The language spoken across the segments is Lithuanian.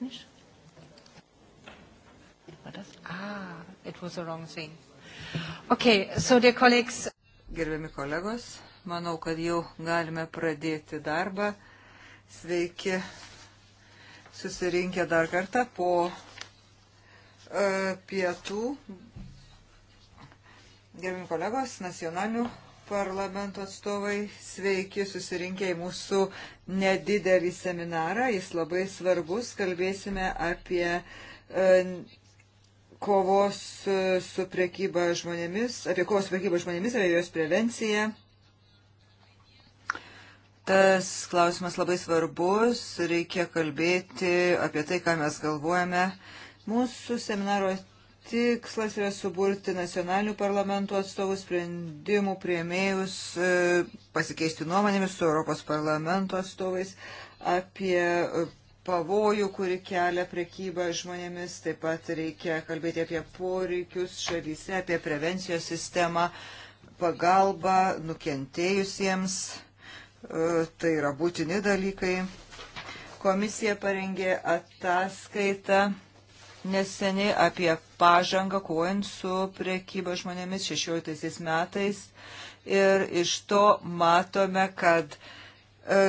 es nicht? War das? Ah, it was the wrong thing. Okay, so dear colleagues. Gerbiami kolegos, manau, kad jau galime pradėti darbą. Sveiki susirinkę dar kartą po e, pietų. Gerbimi kolegos, nacionalinių parlamento atstovai, sveiki susirinkę į mūsų nedidelį seminarą. Jis labai svarbus. Kalbėsime apie e, kovos su prekyba žmonėmis, apie kovos su prekyba žmonėmis, apie jos prevenciją. Tas klausimas labai svarbus, reikia kalbėti apie tai, ką mes galvojame. Mūsų seminaro tikslas yra suburti nacionalinių parlamentų atstovų sprendimų prieimėjus, e, pasikeisti nuomonėmis su Europos parlamento atstovais apie e, pavojų, kuri kelia prekyba žmonėmis. Taip pat reikia kalbėti apie poreikius šalyse, apie prevencijos sistemą, pagalbą nukentėjusiems. E, tai yra būtini dalykai. Komisija parengė ataskaitą neseniai apie pažangą kovojant su priekyba žmonėmis 16 metais. Ir iš to matome, kad e,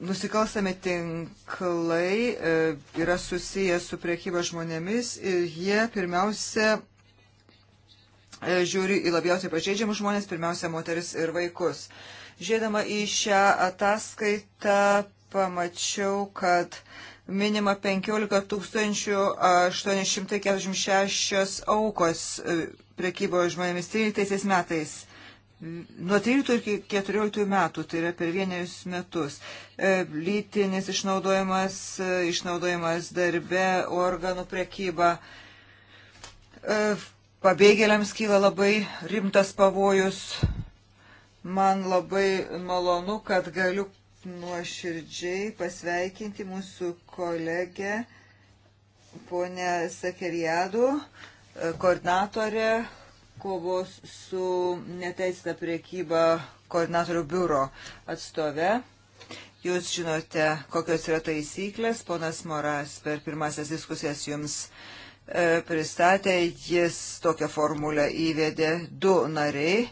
nusikalstami tinklai e, yra susiję su priekyba žmonėmis ir jie pirmiausia e, žiūri į labiausiai pažeidžiamus žmonės, pirmiausia moteris ir vaikus. Žiūrėdama į šią ataskaitą pamačiau, kad minima 15 846 aukos e, prekybo žmonėmis 13 metais. Nuo 13 iki 14 metų, tai yra per vienerius metus, e, lytinis išnaudojimas, e, išnaudojimas darbe, organų prekyba, pabėgėliams kyla labai rimtas pavojus. Man labai malonu, kad galiu nuoširdžiai pasveikinti mūsų kolegę ponę Sakeriadų, koordinatorę kovos su neteisėta priekyba koordinatorių biuro atstove. Jūs žinote, kokios yra taisyklės. Ponas Moras per pirmasias diskusijas jums e, pristatė, jis tokią formulę įvedė du nariai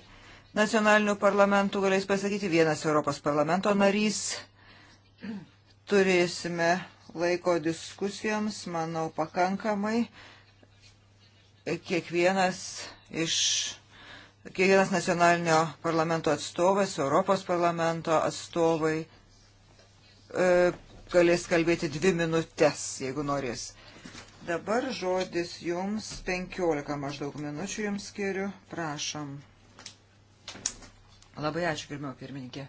nacionalinių parlamentų galės pasakyti, vienas Europos parlamento narys. Turėsime laiko diskusijoms, manau, pakankamai. Kiekvienas iš kiekvienas nacionalinio parlamento atstovas, Europos parlamento atstovai e, galės kalbėti dvi minutės, jeigu norės. Dabar žodis jums 15 maždaug minučių jums skiriu, prašom. Labai ačiū, gerbiamo pirmininkė.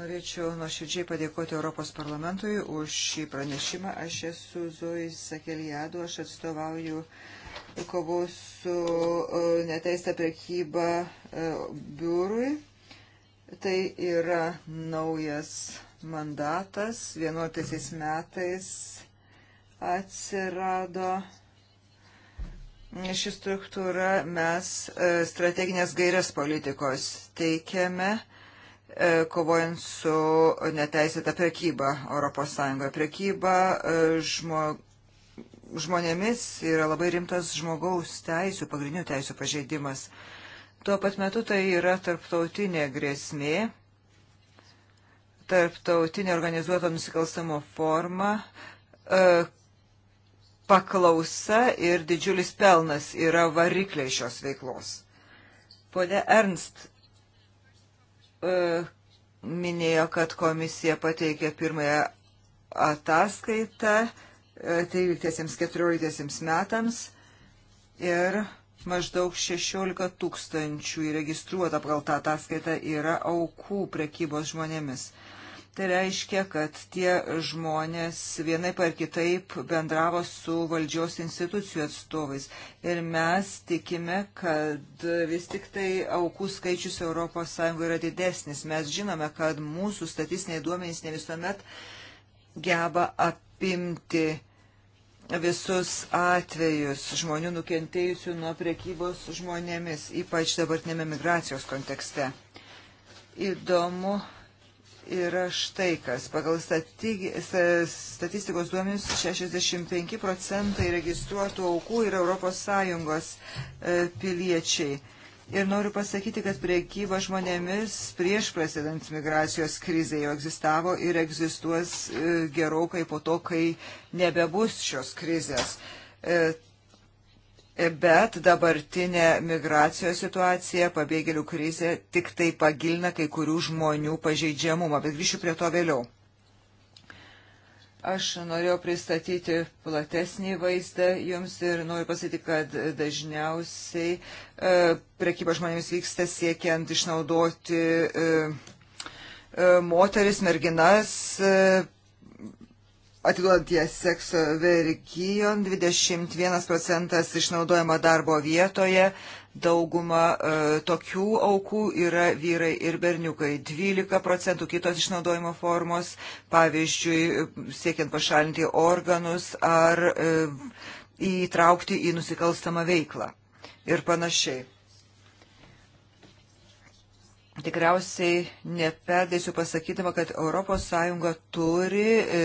Norėčiau nuoširdžiai padėkoti Europos parlamentui už šį pranešimą. Aš esu Zoji Sakeliadu, aš atstovauju kovos su e, neteista prekyba e, biurui. Tai yra naujas mandatas. 11 metais atsirado ši struktūra mes e, strateginės gairias politikos teikiame e, kovojant su neteisėta prekyba ES. Prekyba e, žmo, žmonėmis yra labai rimtas žmogaus teisų, pagrindinių teisų pažeidimas. Tuo pat metu tai yra tarptautinė grėsmė tarptautinė organizuoto nusikalstamo forma, paklausa ir didžiulis pelnas yra varikliai šios veiklos. Pone Ernst e, minėjo, kad komisija pateikė pirmąją ataskaitą 13-14 e, metams ir maždaug 16 tūkstančių įregistruota pagal tą ataskaitą yra aukų prekybos žmonėmis. Tai reiškia, kad tie žmonės vienai par kitaip bendravo su valdžios institucijų atstovais. Ir mes tikime, kad vis tik tai aukų skaičius ES yra didesnis. Mes žinome, kad mūsų statistiniai duomenys ne visuomet geba apimti visus atvejus žmonių nukentėjusių nuo prekybos žmonėmis, ypač dabartinėme migracijos kontekste. Įdomu yra štai kas. Pagal staty, statistikos duomenys 65 procentai registruotų aukų yra ES e, piliečiai. Ir noriu pasakyti, kad priekyba žmonėmis prieš prasidant migracijos krizė jau egzistavo ir egzistuos e, gerokai po to, kai nebebus šios krizės. E, Bet dabartinė migracijos situacija, pabėgėlių krizė tik tai pagilina kai kurių žmonių pažeidžiamumą, bet grįšiu prie to vėliau. Aš norėjau pristatyti platesnį vaizdą jums ir noriu pasakyti, kad dažniausiai e, prekyba žmonėmis vyksta siekiant išnaudoti e, e, moteris, merginas, e, atiduodant jas sekso verkijon, 21 procentas išnaudojama darbo vietoje, dauguma e, tokių aukų yra vyrai ir berniukai, 12 procentų kitos išnaudojimo formos, pavyzdžiui, siekiant pašalinti organus ar e, įtraukti į nusikalstamą veiklą ir panašiai. Tikriausiai neperdėsiu pasakydama, kad ES turi e,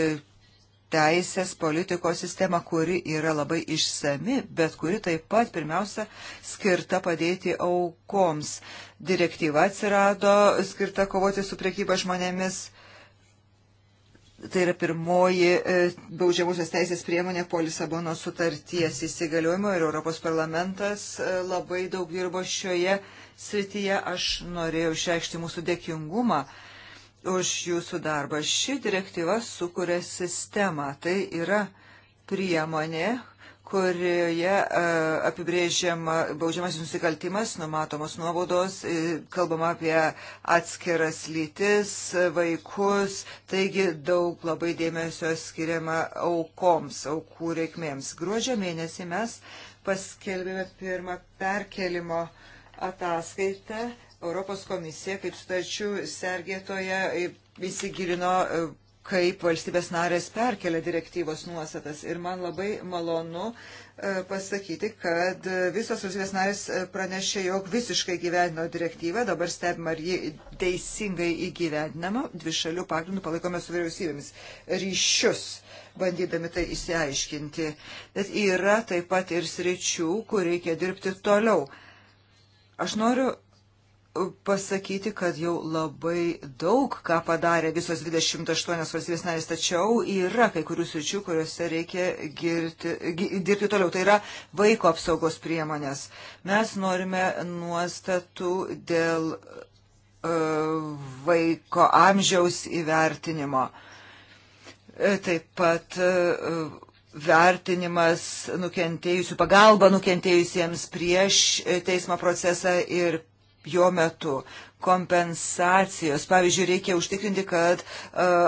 teisės politikos sistemą, kuri yra labai išsami, bet kuri taip pat pirmiausia skirta padėti aukoms. Direktyva atsirado skirta kovoti su priekyba žmonėmis. Tai yra pirmoji e, baudžiamusios teisės priemonė po Lisabono sutarties įsigaliojimo ir Europos parlamentas e, labai daug dirbo šioje srityje. Aš norėjau išreikšti mūsų dėkingumą uh, už jūsų darbą. Ši direktyva sukuria sistemą. Tai yra priemonė, kurioje e, apibrėžiama baudžiamasis nusikaltimas, numatomos nuobodos, e, kalbama apie atskiras lytis, vaikus, taigi daug labai dėmesio skiriama aukoms, aukų reikmėms. Gruodžio mėnesį mes paskelbėme pirmą perkelimo ataskaitą Europos komisija kaip stačių sergėtoja įsigilino e, kaip valstybės narės perkelia direktyvos nuostatas. Ir man labai malonu e, pasakyti, kad visos valstybės narės e, pranešė, jog visiškai gyvenino direktyvą, dabar stebim, ar ji teisingai įgyvendinama, dvišalių pagrindų palaikome su vyriausybėmis ryšius bandydami tai įsiaiškinti. Bet yra taip pat ir sričių, kur reikia dirbti toliau. Aš noriu pasakyti, kad jau labai daug ką padarė visos 28 valstybės narės, tačiau yra kai kurių sričių, kuriuose reikia girti, dirbti toliau. Tai yra vaiko apsaugos priemonės. Mes norime nuostatų dėl e, vaiko amžiaus įvertinimo. E, taip pat e, vertinimas nukentėjusių, pagalba nukentėjusiems prieš teismo procesą ir jo metu. Kompensacijos. Pavyzdžiui, reikia užtikrinti, kad e,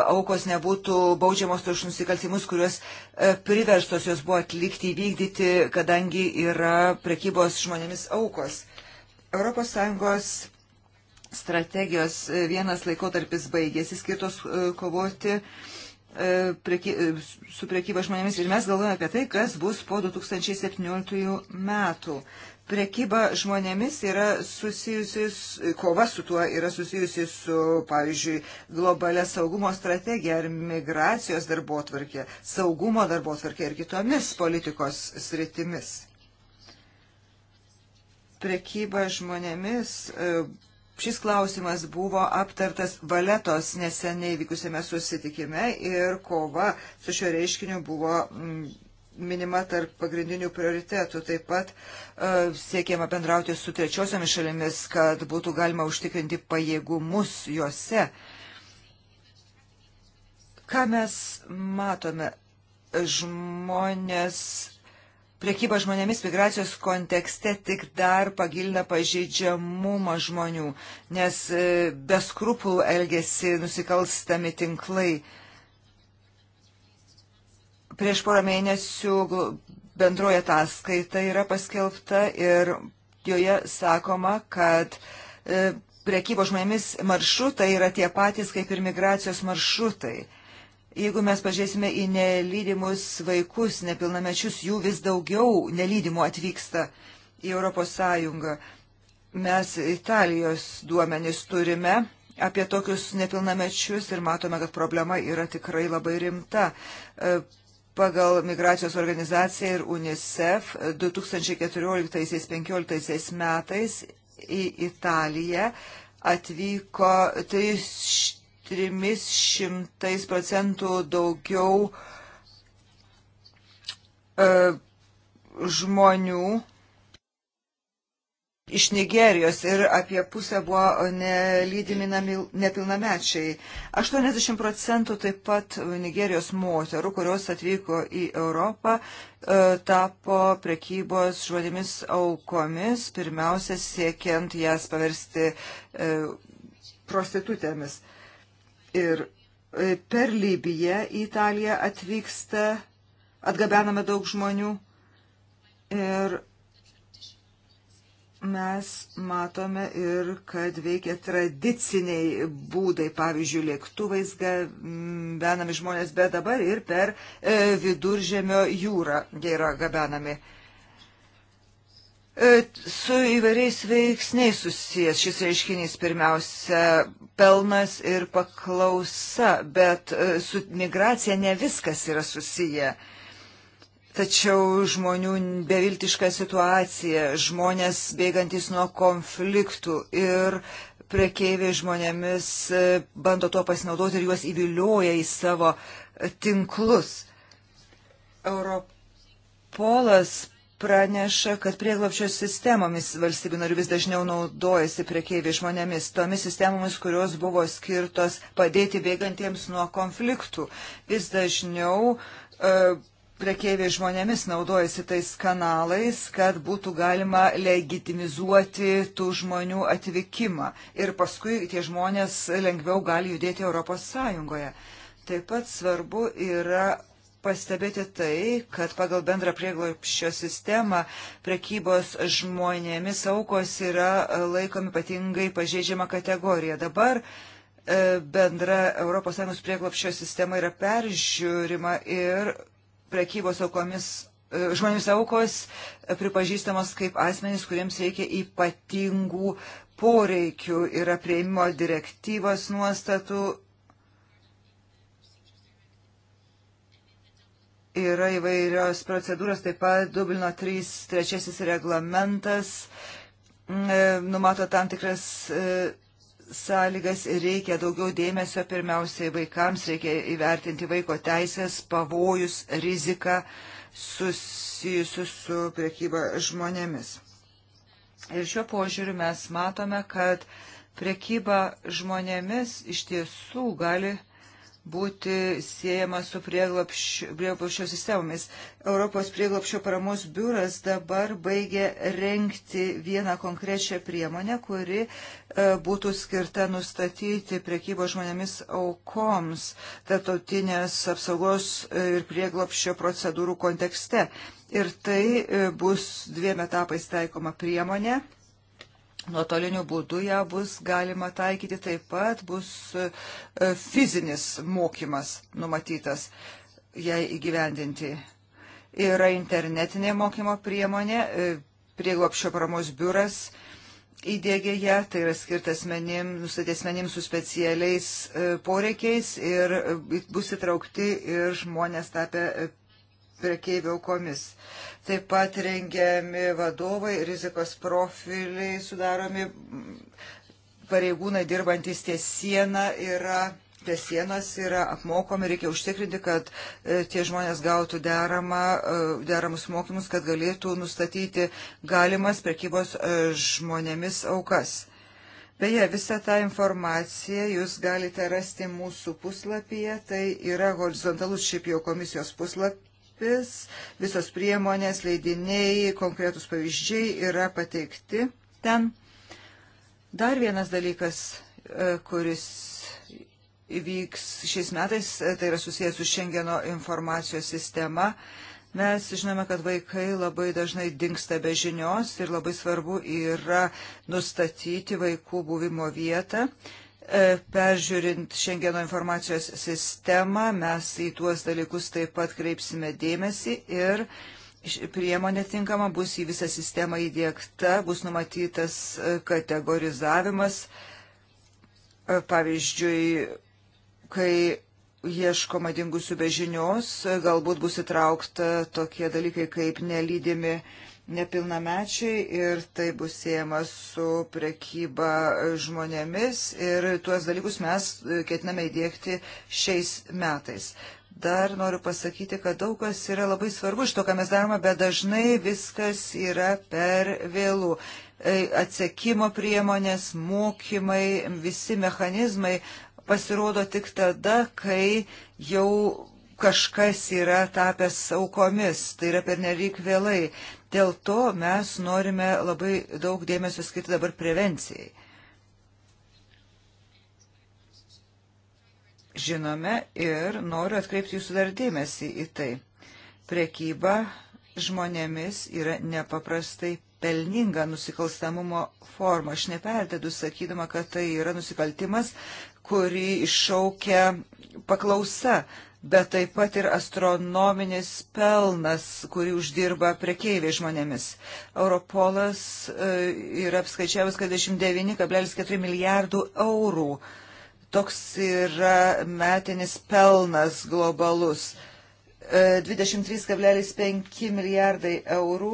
aukos nebūtų baudžiamos už nusikaltimus, kuriuos e, priverstos jos buvo atlikti, įvykdyti, kadangi yra prekybos žmonėmis aukos. ES strategijos e, vienas laikotarpis baigėsi, skirtos kovoti prieky, su priekyba žmonėmis. Ir mes galvojame apie tai, kas bus po 2017 metų. Prekyba žmonėmis yra susijusi, kova su tuo yra susijusi su, pavyzdžiui, globalia saugumo strategija ar migracijos darbo tvarkė, saugumo darbo tvarkė ir kitomis politikos sritimis. Prekyba žmonėmis. E, šis klausimas buvo aptartas valetos neseniai vykusiame susitikime ir kova su šio reiškiniu buvo minima tarp pagrindinių prioritetų. Taip pat e, siekiama bendrauti su trečiosiomis šalimis, kad būtų galima užtikrinti pajėgumus juose. Ką mes matome? Žmonės Priekyba žmonėmis migracijos kontekste tik dar pagilina pažeidžiamumą žmonių, nes e, beskrupulų elgesi nusikalstami tinklai. Prieš porą mėnesių bendroje ataskaita yra paskelbta ir joje sakoma, kad e, prekybo žmonėmis maršrutai yra tie patys kaip ir migracijos maršrutai. Jeigu mes pažiūrėsime į nelydimus vaikus, nepilnamečius, jų vis daugiau nelydimų atvyksta į Europos Sąjungą. Mes Italijos duomenys turime apie tokius nepilnamečius ir matome, kad problema yra tikrai labai rimta. E, pagal migracijos organizaciją ir UNICEF 2014-2015 metais į Italiją atvyko 300 procentų daugiau e, žmonių iš Nigerijos ir apie pusę buvo nelydimi nepilnamečiai. 80 procentų taip pat Nigerijos moterų, kurios atvyko į Europą, e, tapo prekybos žodėmis aukomis, pirmiausia siekiant jas paversti e, prostitutėmis. Ir e, per Libiją į Italiją atvyksta, atgabename daug žmonių ir mes matome ir, kad veikia tradiciniai būdai, pavyzdžiui, lėktuvais gabenami žmonės, bet dabar ir per e, viduržėmio jūrą jie yra gabenami. E, su įvairiais veiksniais susijęs šis reiškinys pirmiausia pelnas ir paklausa, bet e, su migracija ne viskas yra susiję. E, Tačiau žmonių beviltiška situacija, žmonės bėgantis nuo konfliktų ir prekeiviai žmonėmis e, bando tuo pasinaudoti ir juos įvilioja į savo tinklus. Europolas praneša, kad prieglapščio sistemomis valstybių narių vis dažniau naudojasi prekeiviai žmonėmis, tomis sistemomis, kurios buvo skirtos padėti bėgantiems nuo konfliktų. Vis dažniau uh, prekeiviai žmonėmis naudojasi tais kanalais, kad būtų galima legitimizuoti tų žmonių atvykimą. Ir paskui tie žmonės lengviau gali judėti Europos Sąjungoje. Taip pat svarbu yra pastebėti tai, kad pagal bendrą prieglopščio sistemą prekybos žmonėmis aukos yra laikomi ypatingai pažeidžiama kategorija. Dabar e, bendra ES prieglopščio sistema yra peržiūrima ir prekybos aukomis e, žmonėms aukos e, pripažįstamos kaip asmenys, kuriems reikia ypatingų poreikių, yra prieimimo direktyvos nuostatų, yra įvairios procedūros, taip pat Dublino 3 trečiasis reglamentas e, numato tam tikras sąlygas reikia daugiau dėmesio pirmiausiai vaikams, reikia įvertinti vaiko teisės, pavojus, riziką susijusius su priekyba žmonėmis. Ir šiuo požiūriu mes matome, kad priekyba žmonėmis iš tiesų gali būti siejama su prieglopščio sistemomis. Europos prieglopščio paramos biuras dabar baigė renkti vieną konkrečią priemonę, kuri e, būtų skirta nustatyti priekybo žmonėmis aukoms tarptautinės apsaugos e, ir prieglopščio procedūrų kontekste. Ir tai e, bus dviem etapais taikoma priemonė Nuotoliniu būdu ją bus galima taikyti taip pat, bus e, fizinis mokymas numatytas jai įgyvendinti. Yra internetinė mokymo priemonė, e, prieglopščio paramos biuras įdėgė ją, tai yra skirtas menim, nustatės menim su specialiais e, poreikiais ir bus įtraukti ir žmonės tapę prekeivių aukomis. Taip pat rengiami vadovai, rizikos profiliai sudaromi, pareigūnai dirbantis ties sieną yra. Prie sienos yra apmokomi, reikia užtikrinti, kad e, tie žmonės gautų deramą, e, deramus mokymus, kad galėtų nustatyti galimas prekybos e, žmonėmis aukas. Beje, visą tą informaciją jūs galite rasti mūsų puslapyje, tai yra horizontalus šiaip jau komisijos puslapis puslapis, visos priemonės, leidiniai, konkretus pavyzdžiai yra pateikti ten. Dar vienas dalykas, e, kuris įvyks šiais metais, e, tai yra susijęs su Šengeno informacijos sistema. Mes žinome, kad vaikai labai dažnai dinksta be žinios ir labai svarbu yra nustatyti vaikų buvimo vietą. E, peržiūrint Šengeno informacijos sistemą, mes į tuos dalykus taip pat kreipsime dėmesį ir priemonė tinkama bus į visą sistemą įdėkta, bus numatytas e, kategorizavimas. E, pavyzdžiui, kai ieškoma dingusių bežinios, galbūt bus įtraukta tokie dalykai kaip nelydimi nepilnamečiai ir tai bus siejama su prekyba žmonėmis ir tuos dalykus mes ketiname įdėkti šiais metais. Dar noriu pasakyti, kad daug kas yra labai svarbu iš to, ką mes darome, bet dažnai viskas yra per vėlų. E, Atsekimo priemonės, mokymai, visi mechanizmai pasirodo tik tada, kai jau kažkas yra tapęs aukomis, tai yra pernelyg vėlai. Dėl to mes norime labai daug dėmesio skirti dabar prevencijai. Žinome ir noriu atkreipti jūsų dar dėmesį į tai. Prekyba žmonėmis yra nepaprastai pelninga nusikalstamumo forma. Aš neperdedu sakydama, kad tai yra nusikaltimas, kurį iššaukia paklausa, bet taip pat ir astronominis pelnas, kurį uždirba prekeiviai žmonėmis. Europolas e, yra apskaičiavęs 29,4 milijardų eurų. Toks yra metinis pelnas globalus. 23,5 e, milijardai eurų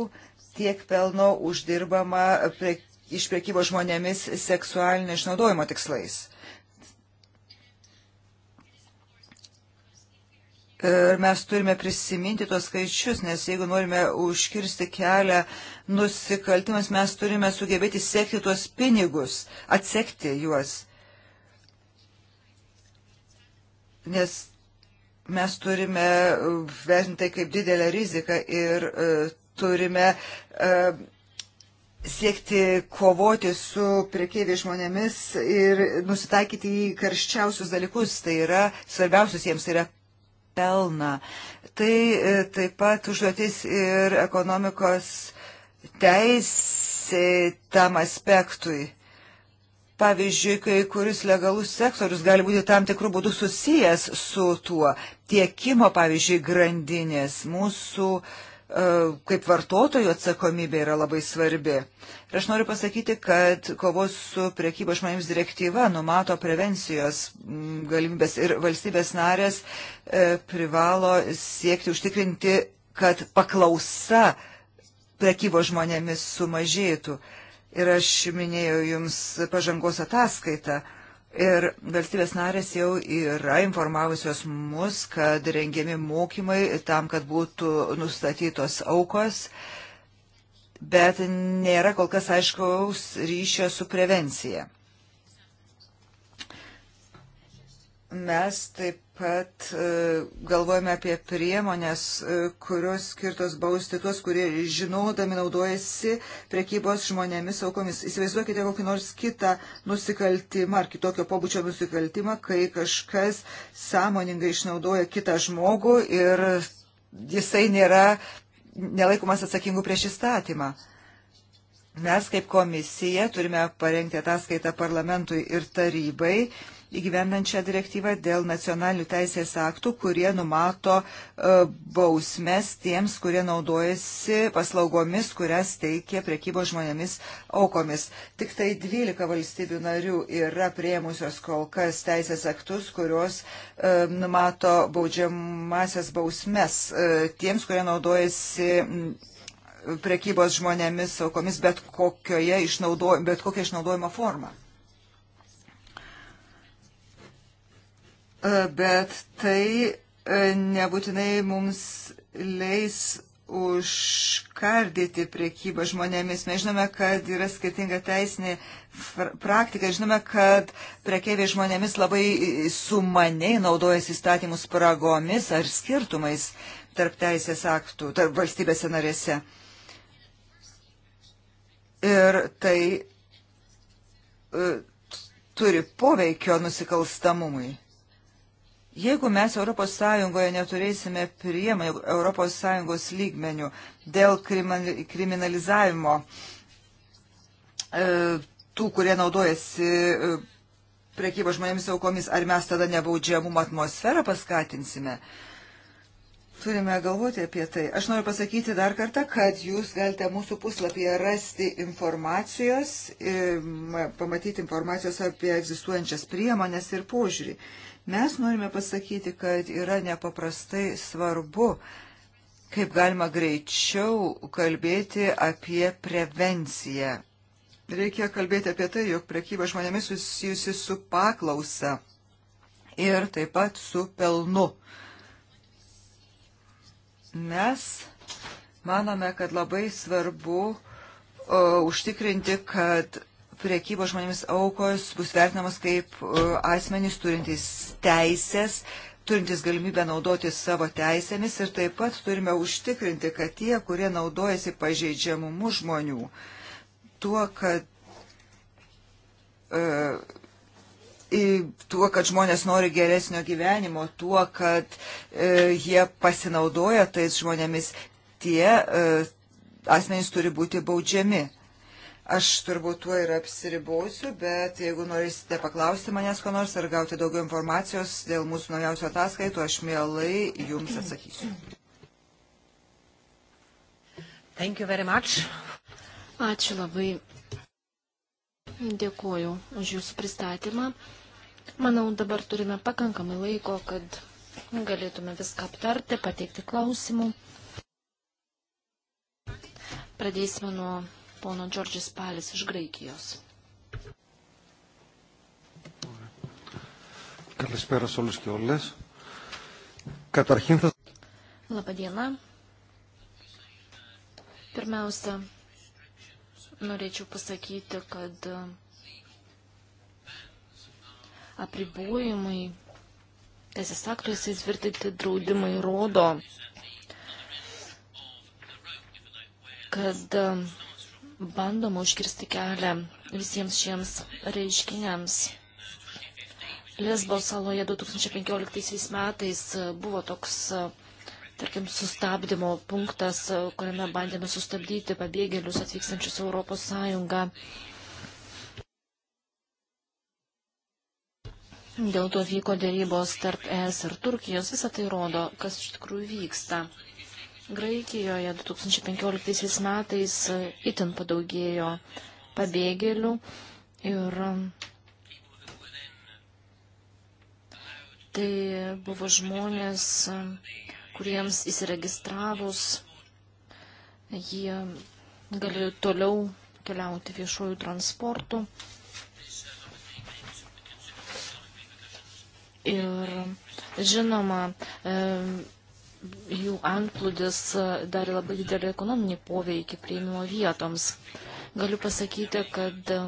tiek pelno uždirbama prie, iš priekybo žmonėmis seksualinio išnaudojimo tikslais. Ir mes turime prisiminti tuos skaičius, nes jeigu norime užkirsti kelią nusikaltimams, mes turime sugebėti sekti tuos pinigus, atsekti juos. Nes mes turime vertinti tai kaip didelę riziką ir uh, turime uh, siekti kovoti su priekeiviai žmonėmis ir nusitaikyti į karščiausius dalykus, tai yra svarbiausius jiems, tai yra pelną. Tai e, taip pat užduotis ir ekonomikos teisė tam aspektui. Pavyzdžiui, kai kuris legalus sektorius gali būti tam tikrų būdų susijęs su tuo tiekimo, pavyzdžiui, grandinės, mūsų uh, E, kaip vartotojų atsakomybė yra labai svarbi. Ir aš noriu pasakyti, kad kovos su priekybo žmonėms direktyva numato prevencijos mm, galimybės ir valstybės narės e, privalo siekti užtikrinti, kad paklausa priekybo žmonėmis sumažėtų. Ir aš minėjau Jums pažangos ataskaitą. Ir valstybės narės jau yra informavusios mus, kad rengiami mokymai tam, kad būtų nustatytos aukos, bet nėra kol kas aiškaus ryšio su prevencija. Mes taip pat e, galvojame apie priemonės, e, kurios skirtos bausti tuos, kurie žinodami naudojasi prekybos žmonėmis aukomis. Įsivaizduokite kokį nors kitą nusikaltimą ar kitokio pobūdžio nusikaltimą, kai kažkas sąmoningai išnaudoja kitą žmogų ir jisai nėra nelaikomas atsakingų prieš įstatymą. Mes kaip komisija turime parengti ataskaitą parlamentui ir tarybai įgyvendančią direktyvą dėl nacionalinių teisės aktų, kurie numato e, bausmes tiems, kurie naudojasi paslaugomis, kurias teikia priekybos žmonėmis aukomis. Tik tai 12 valstybių narių yra prieimusios kol kas teisės aktus, kurios e, numato baudžiamasias bausmes e, tiems, kurie naudojasi prekybos žmonėmis aukomis bet, išnaudo, bet kokią išnaudojimo formą. E, bet tai e, nebūtinai mums leis užkardyti priekybą žmonėmis. Mes žinome, kad yra skirtinga teisinė praktika, žinome, kad priekeiviai žmonėmis labai sumaniai naudojasi įstatymus spragomis ar skirtumais tarp teisės aktų, tarp valstybėse narėse. Ir tai e, turi poveikio nusikalstamumui. Jeigu mes ES neturėsime priemonių ES lygmenių dėl kriminalizavimo e, tų, kurie naudojasi e, priekybą žmonėmis aukomis, ar mes tada nebaudžiamumą atmosferą paskatinsime? Turime galvoti apie tai. Aš noriu pasakyti dar kartą, kad jūs galite mūsų puslapyje rasti informacijos, e, pamatyti informacijos apie egzistuojančias priemonės ir požiūrį. Mes norime pasakyti, kad yra nepaprastai svarbu, kaip galima greičiau kalbėti apie prevenciją. Reikia kalbėti apie tai, jog prekyba žmonėmis susijusi su paklausa ir taip pat su pelnu. Mes manome, kad labai svarbu o, užtikrinti, kad priekybo žmonėmis aukos bus vertinamos kaip e, asmenys turintys teisės, turintys galimybę naudoti savo teisėmis ir taip pat turime užtikrinti, kad tie, kurie naudojasi pažeidžiamumu žmonių, tuo, kad, e, tuo, kad žmonės nori geresnio gyvenimo, tuo, kad e, jie pasinaudoja tais žmonėmis, tie e, asmenys turi būti baudžiami. Aš turbūt tuo ir apsiribosiu, bet jeigu norėsite paklausti manęs ko nors ar gauti daugiau informacijos dėl mūsų naujausio ataskaitų, aš mielai jums atsakysiu. Thank you very much. Ačiū labai. Dėkuoju už jūsų pristatymą. Manau, dabar turime pakankamai laiko, kad galėtume viską aptarti, pateikti klausimų. Pradėsime nuo pono Džordžis Palis iš Graikijos. Καλησπέρα σε όλους και όλες. Καταρχήν θα... Labą dieną. Pirmiausia, norėčiau pasakyti, kad uh, apribojimai, teisės aktuose įtvirtinti draudimai rodo, kad uh, bandoma užkirsti kelią visiems šiems reiškiniams. Lesbo saloje 2015 metais buvo toks, tarkim, sustabdymo punktas, kuriame bandėme sustabdyti pabėgėlius atvykstančius Europos Sąjungą. Dėl to vyko dėrybos tarp ES ir Turkijos. Visą tai rodo, kas iš tikrųjų vyksta. Graikijoje 2015 metais itin padaugėjo pabėgėlių ir tai buvo žmonės, kuriems įsiregistravus jie galėjo toliau keliauti viešuoju transportu. Ir žinoma, jų antplūdis e, darė labai didelį ekonominį poveikį prieimimo vietoms. Galiu pasakyti, kad e,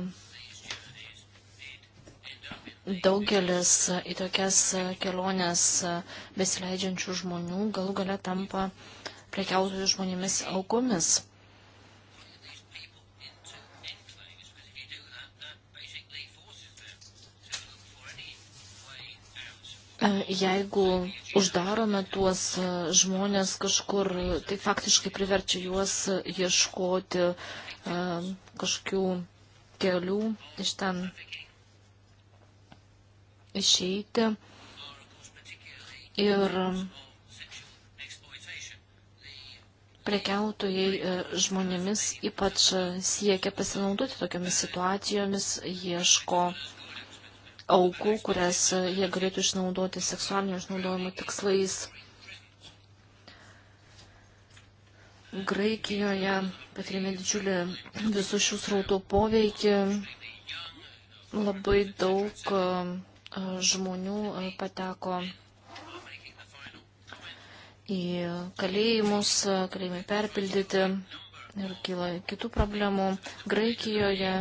daugelis į tokias keliones e, besileidžiančių žmonių galų gale tampa prekiautojų žmonėmis aukomis. E, jeigu uždarome tuos e, žmonės kažkur, tai faktiškai priverčia juos ieškoti e, kažkokių kelių iš ten išeiti. Ir prekiautojai žmonėmis ypač siekia pasinaudoti tokiamis situacijomis, ieško uh, aukų, kurias jie galėtų išnaudoti seksualinio išnaudojimo tikslais. Graikijoje patyrėme didžiulį visų šių srautų poveikį. Labai daug žmonių pateko į kalėjimus, kalėjimai perpildyti ir kyla kitų problemų. Graikijoje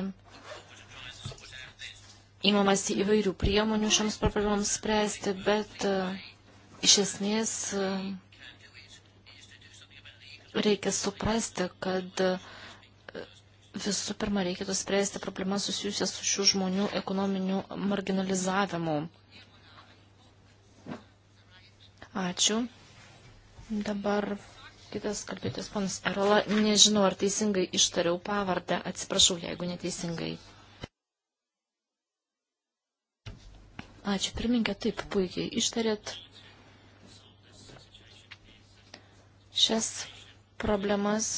Įmamas įvairių priemonių šioms problemams spręsti, bet e, iš esmės e, reikia suprasti, kad e, visų pirma reikėtų spręsti problemas susijusias su šių žmonių ekonominiu marginalizavimu. Ačiū. Dabar kitas kalbėtis, panas Erola. Nežinau, ar teisingai ištariau pavardę. Atsiprašau, jeigu neteisingai. Ačiū, pirminkė, taip puikiai ištarėt šias problemas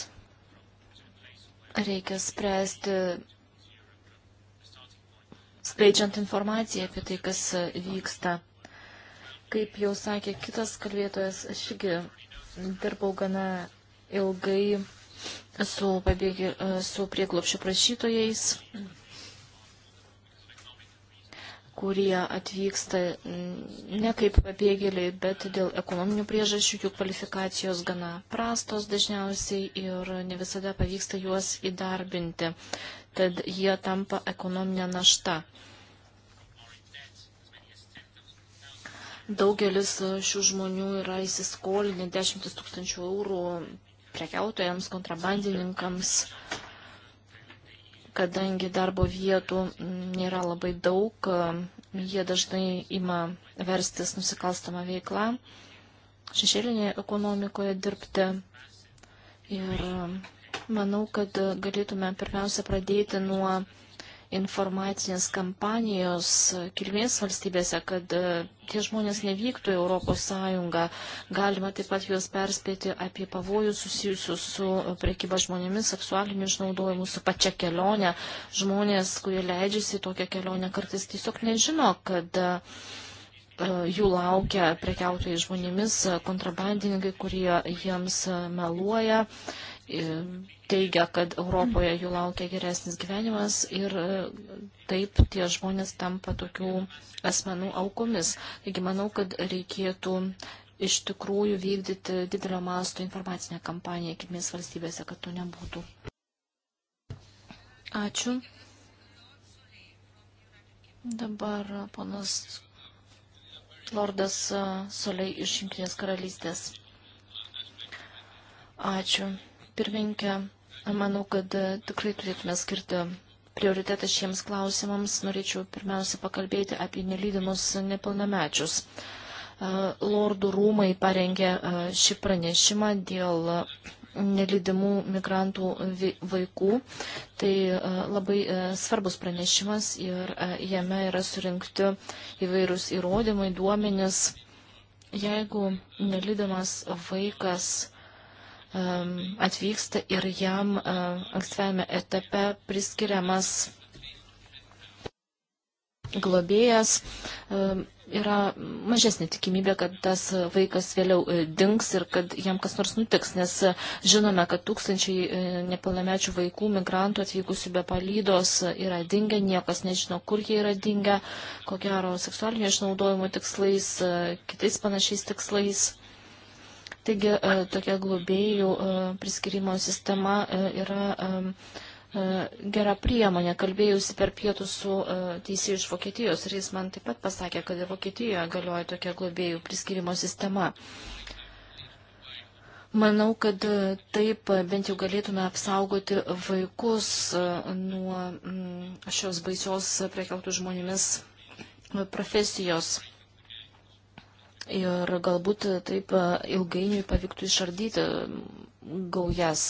reikia spręsti skleidžiant informaciją apie tai, kas vyksta. Kaip jau sakė kitas kalbėtojas, aš irgi dirbau gana ilgai su, pabėgi, su prieglopšio prašytojais, kurie atvyksta ne kaip pabėgėliai, bet dėl ekonominių priežasčių, jų kvalifikacijos gana prastos dažniausiai ir ne visada pavyksta juos įdarbinti, tad jie tampa ekonominė našta. Daugelis šių žmonių yra įsiskolinę dešimtis tūkstančių eurų prekiautojams, kontrabandininkams. Uh, kadangi darbo vietų nėra labai daug, jie dažnai ima verstis nusikalstamą veiklą, šešėlinėje ekonomikoje dirbti. Ir manau, kad galėtume pirmiausia pradėti nuo informacinės kampanijos kilmės valstybėse, kad e, tie žmonės nevyktų į Europos Sąjungą. Galima taip pat juos perspėti apie pavojus susijusius su e, priekyba žmonėmis, seksualiniu išnaudojimu, su pačia kelionė. Žmonės, kurie leidžiasi į tokią kelionę, kartais tiesiog nežino, kad e, jų laukia prekiautojai žmonėmis, kontrabandininkai, kurie jiems meluoja. Uh, teigia, kad Europoje jų laukia geresnis gyvenimas ir e, taip tie žmonės tampa tokių asmenų aukomis. Taigi manau, kad reikėtų iš tikrųjų vykdyti didelio masto informacinę kampaniją kilmės valstybėse, kad to nebūtų. Ačiū. Dabar ponas Lordas e, Soliai iš Junktinės karalystės. Ačiū pirmininkė. Manau, kad e, tikrai turėtume skirti prioritetą šiems klausimams. Norėčiau pirmiausia pakalbėti apie nelydimus nepilnamečius. E, lordų rūmai parengė e, šį pranešimą dėl nelydimų migrantų vaikų. Tai labai svarbus pranešimas ir jame yra surinkti įvairūs įrodymai, duomenis. Jeigu nelydimas vaikas Um, atvyksta ir jam uh, ankstyvame etape priskiriamas globėjas, um, yra mažesnė tikimybė, kad tas vaikas vėliau uh, dinks ir kad jam kas nors nutiks, nes uh, žinome, kad tūkstančiai nepilnamečių vaikų, migrantų atvykusių be palydos yra dingę, niekas nežino, kur jie yra dingę, ko gero seksualinio išnaudojimo tikslais, kitais panašiais tikslais. Taigi e, tokia globėjų e, priskirimo sistema e, yra gera priemonė. Kalbėjusi per pietų su teisėju iš Vokietijos ir jis man taip pat pasakė, kad ir Vokietijoje galioja tokia globėjų priskirimo sistema. Manau, kad taip bent jau galėtume apsaugoti vaikus nuo šios baisios prekiautų žmonėmis profesijos. Ir galbūt taip e, ilgainiui pavyktų išardyti mm, gaujas.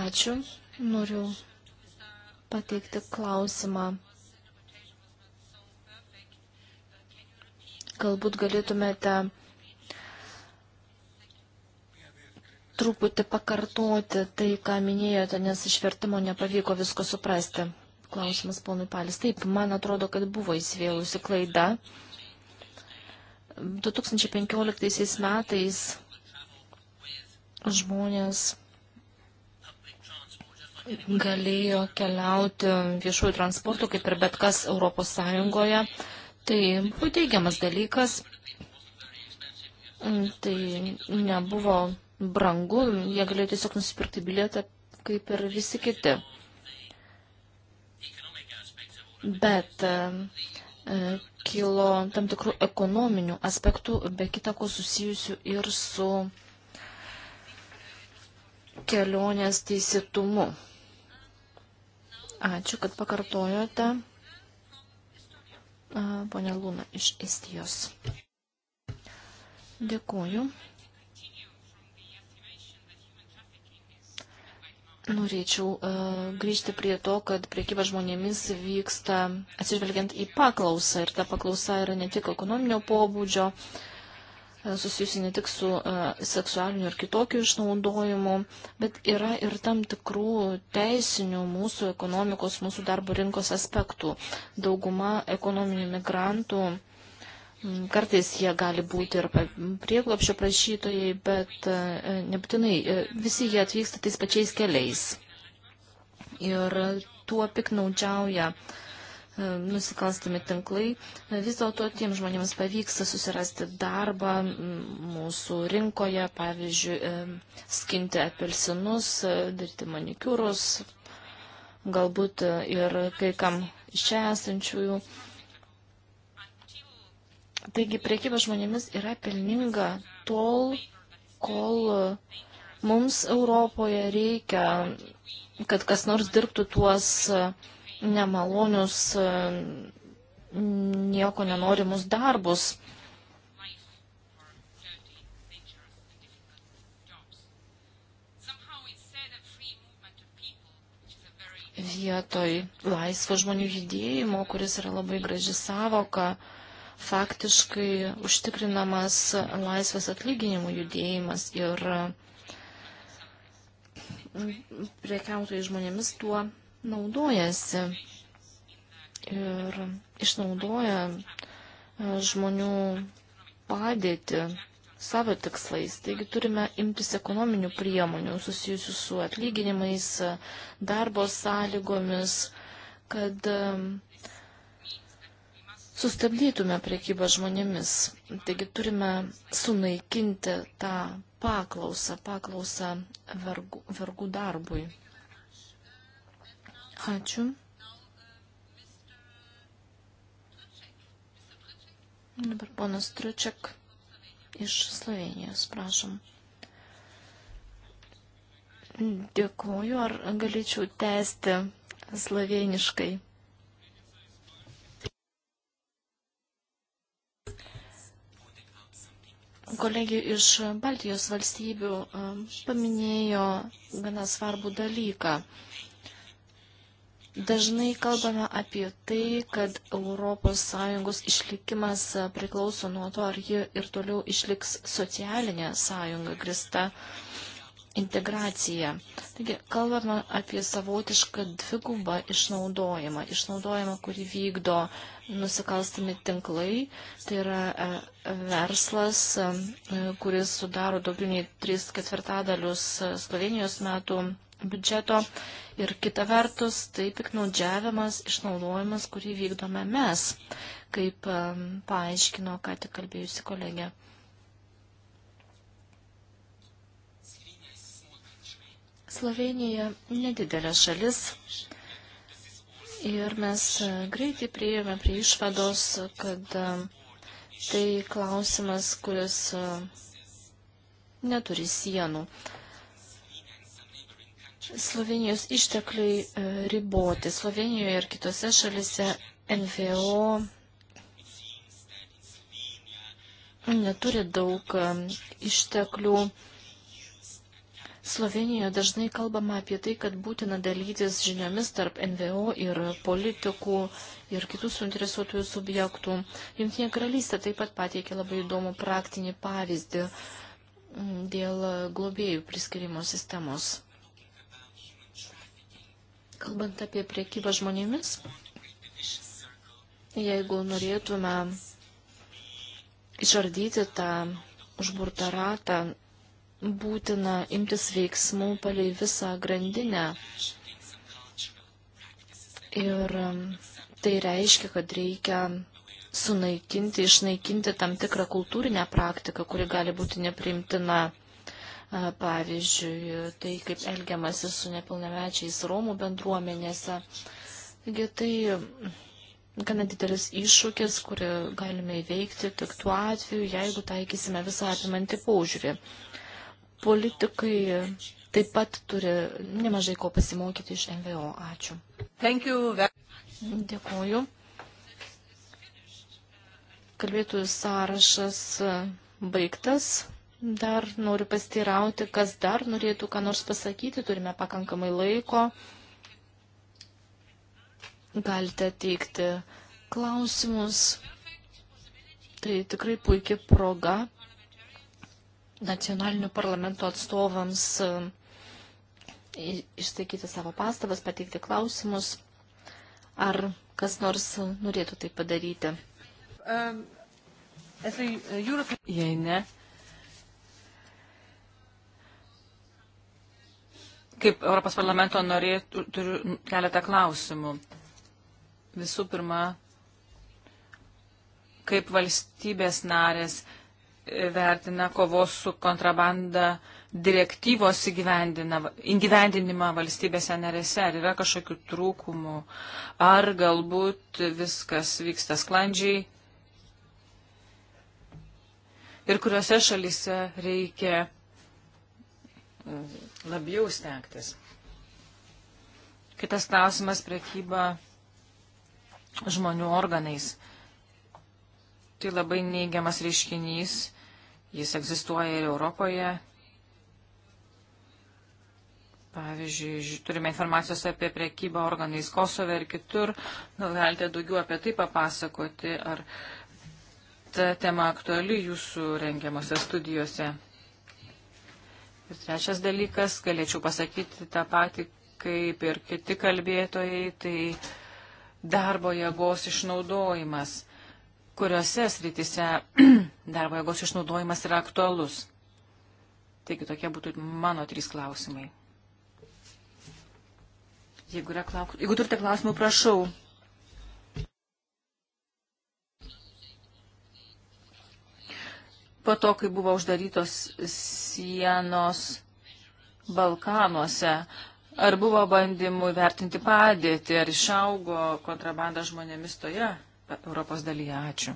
Ačiū. Noriu pateikti klausimą. Galbūt galėtumėte truputį pakartoti tai, ką minėjote, nes iš vertimo nepavyko visko suprasti. Klausimas ponui Palis. Taip, man atrodo, kad buvo įsivėlusi klaida. 2015 metais žmonės galėjo keliauti viešuoju transportu, kaip ir bet kas Europos Sąjungoje. Tai buvo teigiamas dalykas. Tai nebuvo brangu, jie galėjo tiesiog nusipirkti bilietą, kaip ir visi kiti. Bet E, kilo tam tikrų ekonominių aspektų, be kitako susijusių ir su kelionės teisėtumu. Ačiū, kad pakartojote. Pone Lūna iš Estijos. Dėkuoju. Norėčiau uh, grįžti prie to, kad priekyba žmonėmis vyksta atsižvelgiant į paklausą ir ta paklausa yra ne tik ekonominio pobūdžio, e, susijusi ne tik su uh, seksualiniu ir kitokiu išnaudojimu, bet yra ir tam tikrų teisinių mūsų ekonomikos, mūsų darbo rinkos aspektų. Dauguma ekonominių migrantų uh, Mm, kartais jie gali būti ir prieglopšio prašytojai, bet e, nebūtinai e, visi jie atvyksta tais pačiais keliais. Ir tuo piknaudžiauja e, nusikalstami tinklai. Vis dėlto tiem žmonėms pavyksta susirasti darbą mūsų rinkoje, pavyzdžiui, skinti apelsinus, daryti manikiūrus, galbūt ir kai kam iš čia esančiųjų Taigi priekyba žmonėmis yra pelninga tol, kol mums Europoje reikia, kad kas nors dirbtų tuos nemalonius, nieko nenorimus darbus. Vietoj laisvo žmonių judėjimo, kuris yra labai graži savoka, faktiškai užtikrinamas laisvas atlyginimų judėjimas ir priekiautojai žmonėmis tuo naudojasi ir išnaudoja e, žmonių padėti savo tikslais. Taigi turime imtis ekonominių priemonių susijusių su atlyginimais, darbo sąlygomis, kad e, sustabdytume priekybą žmonėmis. Taigi turime sunaikinti tą paklausą, paklausą vergų, vergų darbui. Ačiū. Dabar ponas Triučiak iš Slovenijos, prašom. Dėkuoju, ar galėčiau tęsti sloveniškai. kolegė iš Baltijos valstybių e, paminėjo gana svarbų dalyką. Dažnai kalbame apie tai, kad ES išlikimas priklauso nuo to, ar ji ir toliau išliks socialinė sąjunga grista integraciją. Taigi, kalbame apie savotišką dvigubą išnaudojimą. Išnaudojimą, kurį vykdo nusikalstami tinklai. Tai yra e, verslas, e, kuris sudaro daugiau nei 3 ketvirtadalius e, Slovenijos metų biudžeto. Ir kita vertus, tai piknaudžiavimas, išnaudojimas, kurį vykdome mes, kaip paaiškino ką tik kalbėjusi kolegė. Slovenija nedidelė šalis ir mes e, greitai prieėjome prie išvados, kad e, tai klausimas, kuris e, neturi sienų. Slovenijos ištekliai riboti. Slovenijoje ir kitose šalise NVO neturi daug išteklių Slovenijoje dažnai kalbama apie tai, kad būtina dalytis žiniomis tarp NVO ir politikų ir kitų suinteresuotųjų subjektų. Junktinė karalystė taip pat pateikė labai įdomų praktinį pavyzdį mm, dėl globėjų priskirimo sistemos. Kalbant apie priekybą žmonėmis, jeigu norėtume išardyti tą užburtą ratą būtina imtis veiksmų palei visą grandinę. Ir um, tai reiškia, kad reikia sunaikinti, išnaikinti tam tikrą kultūrinę praktiką, kuri gali būti neprimtina pavyzdžiui, tai kaip elgiamasi su nepilnamečiais Romų bendruomenėse. Taigi tai gana didelis iššūkis, kurį galime įveikti tik tuo atveju, jeigu taikysime visą apimantį paužiūrį. Politikai taip pat turi nemažai ko pasimokyti iš NVO. Ačiū. Dėkuoju. Kalbėtųjų sąrašas baigtas. Dar noriu pastirauti, kas dar norėtų ką nors pasakyti. Turime pakankamai laiko. Galite teikti klausimus. Tai tikrai puikia proga nacionalinių parlamentų atstovams e, išsakyti savo pastabas, pateikti klausimus, ar kas nors norėtų tai padaryti. Um, Jei ne, kaip Europos parlamento norė, turiu keletą klausimų. Visų pirma, kaip valstybės narės vertina kovos su kontrabanda direktyvos įgyvendinimą valstybėse narėse? Ar yra kažkokių trūkumų? Ar galbūt viskas vyksta sklandžiai? Ir kuriuose šalyse reikia e, labiau stengtis? Kitas klausimas - prekyba žmonių organais. Tai labai neigiamas reiškinys Jis egzistuoja ir Europoje. Pavyzdžiui, turime informacijos apie prekybą organais Kosove ir kitur. Gal nu, galite daugiau apie tai papasakoti, ar ta tema aktuali jūsų rengiamose studijose. Ir trečias dalykas, galėčiau pasakyti tą patį, kaip ir kiti kalbėtojai, tai darbo jėgos išnaudojimas kuriuose srityse darbo jėgos išnaudojimas yra aktualus. Taigi tokie būtų mano trys klausimai. Jeigu, klauk... Jeigu turite klausimų, prašau. Po to, kai buvo uždarytos sienos Balkanuose, ar buvo bandymų vertinti padėtį, ar išaugo kontrabanda žmonėmis toje Europos dalyje. Ačiū.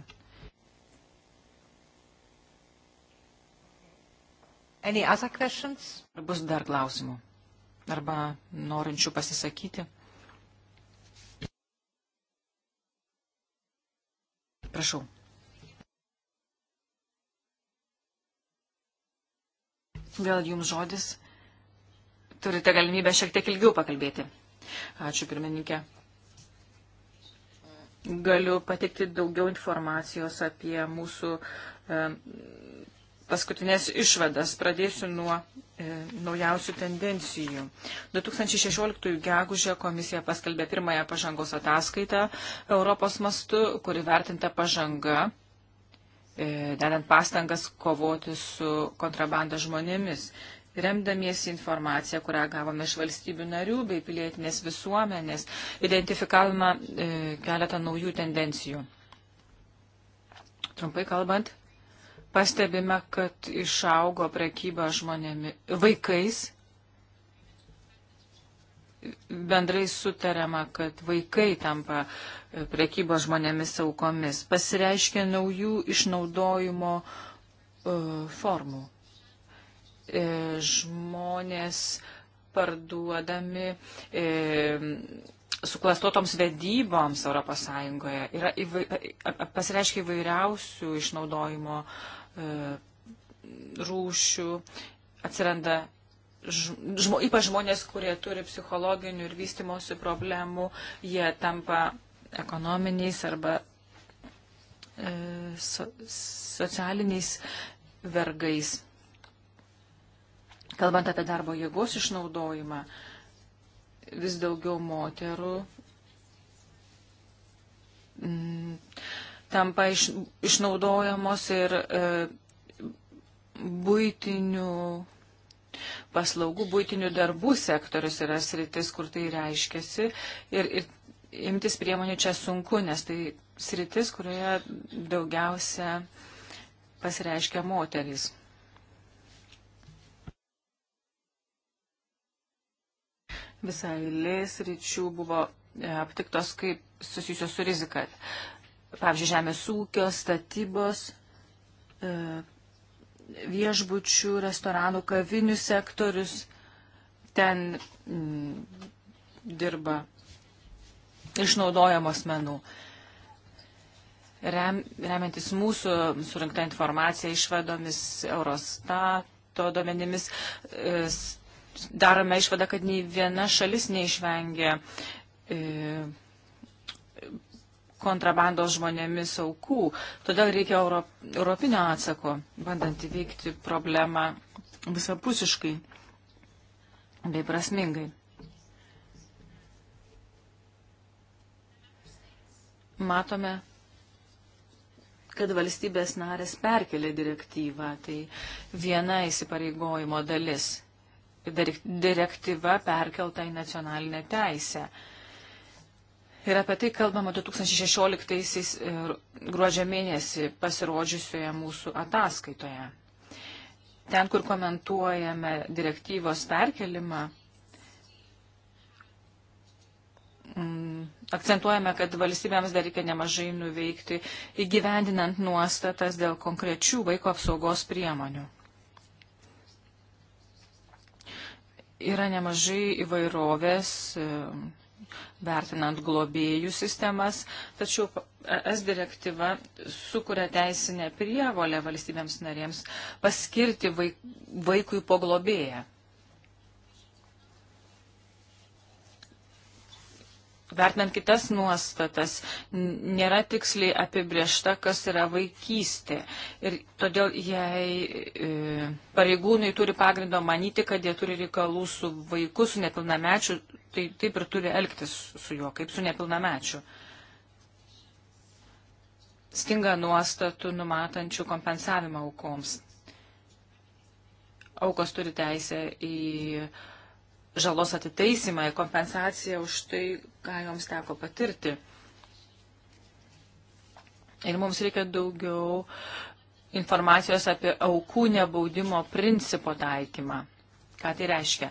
Any other questions? Ar bus dar klausimų? Arba norinčių pasisakyti? Prašau. Vėl jums žodis. Turite galimybę šiek tiek ilgiau pakalbėti. Ačiū, pirmininkė galiu patikti daugiau informacijos apie mūsų e, paskutinės išvadas. Pradėsiu nuo e, naujausių tendencijų. 2016 gegužė komisija paskelbė pirmąją pažangos ataskaitą Europos mastu, kuri vertinta pažanga e, dedant pastangas kovoti su kontrabanda žmonėmis remdamiesi informaciją, kurią gavome iš valstybių narių bei pilietinės visuomenės, identifikavome e, keletą naujų tendencijų. Trumpai kalbant, pastebime, kad išaugo prekyba žmonėmi, vaikais. Bendrai sutariama, kad vaikai tampa e, prekybo žmonėmis aukomis. Pasireiškia naujų išnaudojimo uh, formų E, žmonės parduodami e, suklastotoms vedyboms ES yra įvai, pasireiškia įvairiausių išnaudojimo e, rūšių, atsiranda žmo, ypač žmonės, kurie turi psichologinių ir vystimosi problemų, jie tampa ekonominiais arba e, so, socialiniais vergais. Kalbant apie darbo jėgos išnaudojimą, vis daugiau moterų mm, tampa iš, išnaudojamos ir e, būtinių paslaugų, būtinių darbų sektorius yra sritis, kur tai reiškiasi. Ir, ir imtis priemonių čia sunku, nes tai sritis, kurioje daugiausia pasireiškia moteris. visai lės ryčių buvo e, aptiktos kaip susijusios su rizika. Pavyzdžiui, žemės ūkio, statybos, e, viešbučių, restoranų, kavinių sektorius. Ten mm, dirba išnaudojamos menų. Rem, remiantis mūsų surinkta informacija išvadomis Eurostato duomenimis, e, darome išvadą, kad nei viena šalis neišvengia e, kontrabandos žmonėmis aukų. Todėl reikia euro, europinio atsako, bandant įveikti problemą visapusiškai bei prasmingai. Matome, kad valstybės narės perkelė direktyvą, tai viena įsipareigojimo dalis direktyva perkelta į nacionalinę teisę. Ir apie tai kalbama 2016 e, gruodžio mėnesį pasirodžiusioje mūsų ataskaitoje. Ten, kur komentuojame direktyvos perkelimą, mm, akcentuojame, kad valstybėms dar reikia nemažai nuveikti įgyvendinant nuostatas dėl konkrečių vaiko apsaugos priemonių. yra nemažai įvairovės, e, vertinant globėjų sistemas, tačiau ES direktyva sukuria teisinę prievolę valstybėms narėms paskirti vaikui poglobėją. vertinant kitas nuostatas, nėra tiksliai apibriešta, kas yra vaikystė. Ir todėl jei e, pareigūnai turi pagrindo manyti, kad jie turi reikalų su vaiku, su nepilnamečiu, tai taip ir turi elgtis su juo, kaip su nepilnamečiu. Stinga nuostatų numatančių kompensavimą aukoms. Aukos turi teisę į žalos atitaisymą, į kompensaciją už tai, ką joms teko patirti. Ir mums reikia daugiau informacijos apie aukų nebaudimo principo taikymą. Ką tai reiškia?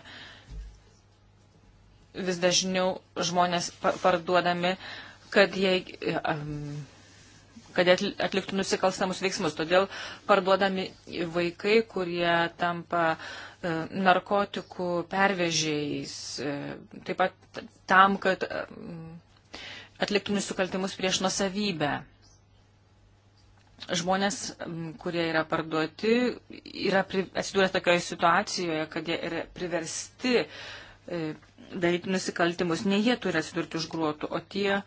Vis dažniau žmonės parduodami, kad jei um, e, kad atliktų nusikalstamus veiksmus. Todėl parduodami vaikai, kurie tampa e, narkotikų pervežėjais, e, taip pat tam, kad e, atliktų nusikaltimus prieš nusavybę. Žmonės, kurie yra parduoti, yra atsidūrę tokioje situacijoje, kad jie yra priversti daryti nusikaltimus. Ne jie turi atsidurti už gruotų, o tie,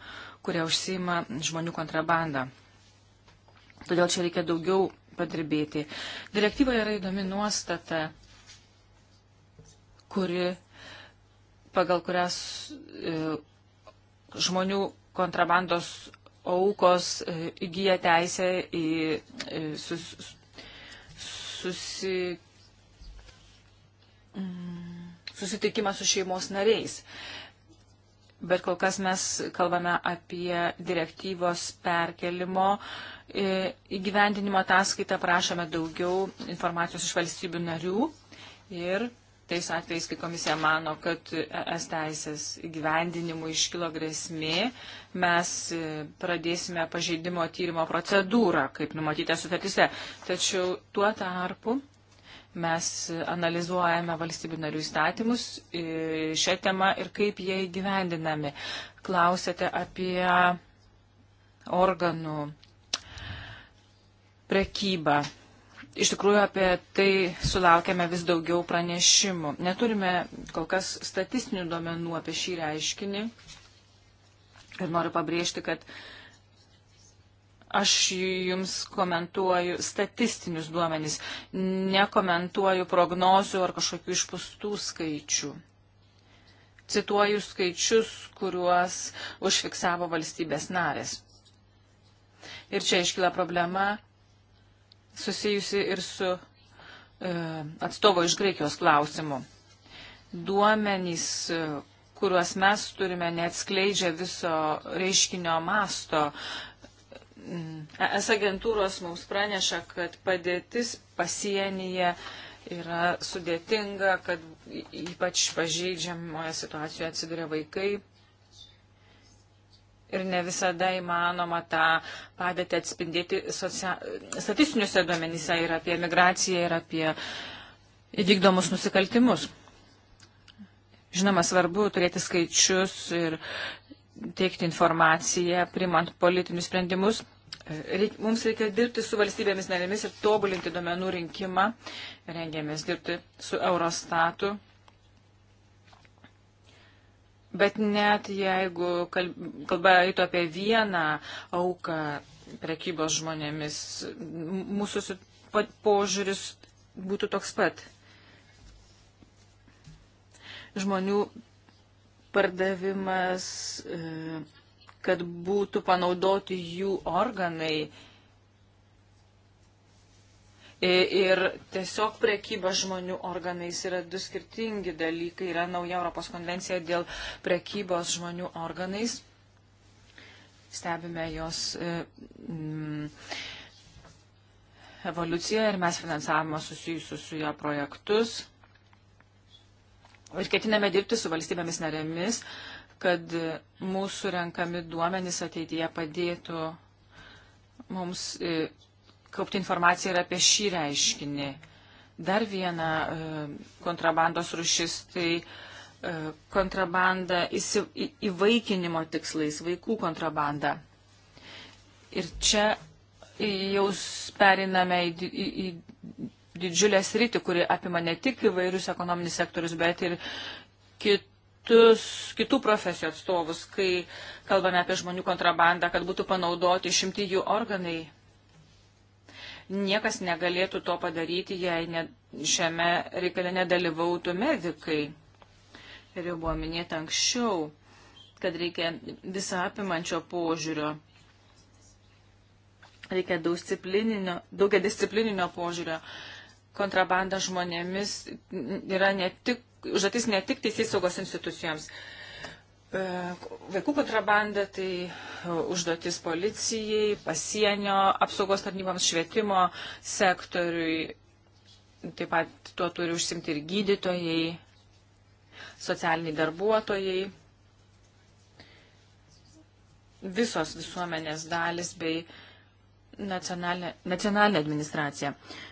kurie užsima žmonių kontrabandą. Todėl čia reikia daugiau padirbėti. Direktyvoje yra įdomi nuostata, kuri, pagal kurias e, žmonių kontrabandos aukos e, įgyja teisę į e, sus, susi, mm, susitikimą su šeimos nariais. E, bet kol kas mes kalbame apie direktyvos perkelimo e, įgyvendinimo ataskaitą, prašome daugiau informacijos iš valstybių narių ir tais atvejais, kai komisija mano, kad es teisės įgyvendinimui iškilo grėsmė, mes e, pradėsime pažeidimo tyrimo procedūrą, kaip numatyta sutartise. Tačiau tuo tarpu Mes analizuojame valstybių narių įstatymus e, šią temą ir kaip jie įgyvendinami. Klausėte apie organų prekybą. Iš tikrųjų, apie tai sulaukėme vis daugiau pranešimų. Neturime kol kas statistinių duomenų apie šį reiškinį. Ir noriu pabrėžti, kad uh, Aš jums komentuoju statistinius duomenys, nekomentuoju prognozių ar kažkokių išpūstų skaičių. Cituoju skaičius, kuriuos užfiksavo valstybės narės. Ir čia iškyla problema susijusi ir su e, atstovo iš Graikijos klausimu. Duomenys, e, kuriuos mes turime, neatskleidžia viso reiškinio masto. E, ES agentūros mums praneša, kad padėtis pasienyje yra sudėtinga, kad ypač pažeidžiamoje situacijoje atsiduria vaikai. Ir ne visada įmanoma tą padėtį atspindėti socia... statistiniuose duomenyse ir apie migraciją, ir apie įvykdomus nusikaltimus. Žinoma, svarbu turėti skaičius ir teikti informaciją, primant politinius sprendimus. Reik, mums reikia dirbti su valstybėmis narėmis ir tobulinti duomenų rinkimą. Rengėmės dirbti su Eurostatu. Bet net jeigu kalba eitų apie vieną auką prekybos žmonėmis, mūsų požiūris būtų toks pat. Žmonių pardavimas, e, kad būtų panaudoti jų organai. E, ir tiesiog prekyba žmonių organais yra du skirtingi dalykai. Yra nauja Europos konvencija dėl prekybos žmonių organais. Stebime jos e, evoliuciją ir mes finansavome susijusius su ją projektus. Ir ketiname dirbti su valstybėmis narėmis, kad mūsų renkami duomenys ateityje padėtų mums e, kaupti informaciją ir apie šį reiškinį. Dar viena e, kontrabandos rušis tai e, kontrabanda įvaikinimo tikslais, vaikų kontrabanda. Ir čia jau periname į, į, į didžiulę sritį, kuri apima ne tik įvairius ekonominius sektorius, bet ir kitus, kitų profesijų atstovus, kai kalbame apie žmonių kontrabandą, kad būtų panaudoti šimti jų organai. Niekas negalėtų to padaryti, jei ne, šiame reikale nedalyvautų medikai. Ir jau buvo minėta anksčiau, kad reikia visą apimančio požiūrio reikia daug disciplininio, daugia disciplininio požiūrio kontrabanda žmonėmis yra ne tik, užduotis ne tik teisės saugos institucijoms. E, vaikų kontrabanda tai užduotis policijai, pasienio apsaugos tarnyboms, švietimo sektoriui, taip pat tuo turi užsimti ir gydytojai, socialiniai darbuotojai, visos visuomenės dalis bei nacionalinė, nacionalinė administracija. Uh,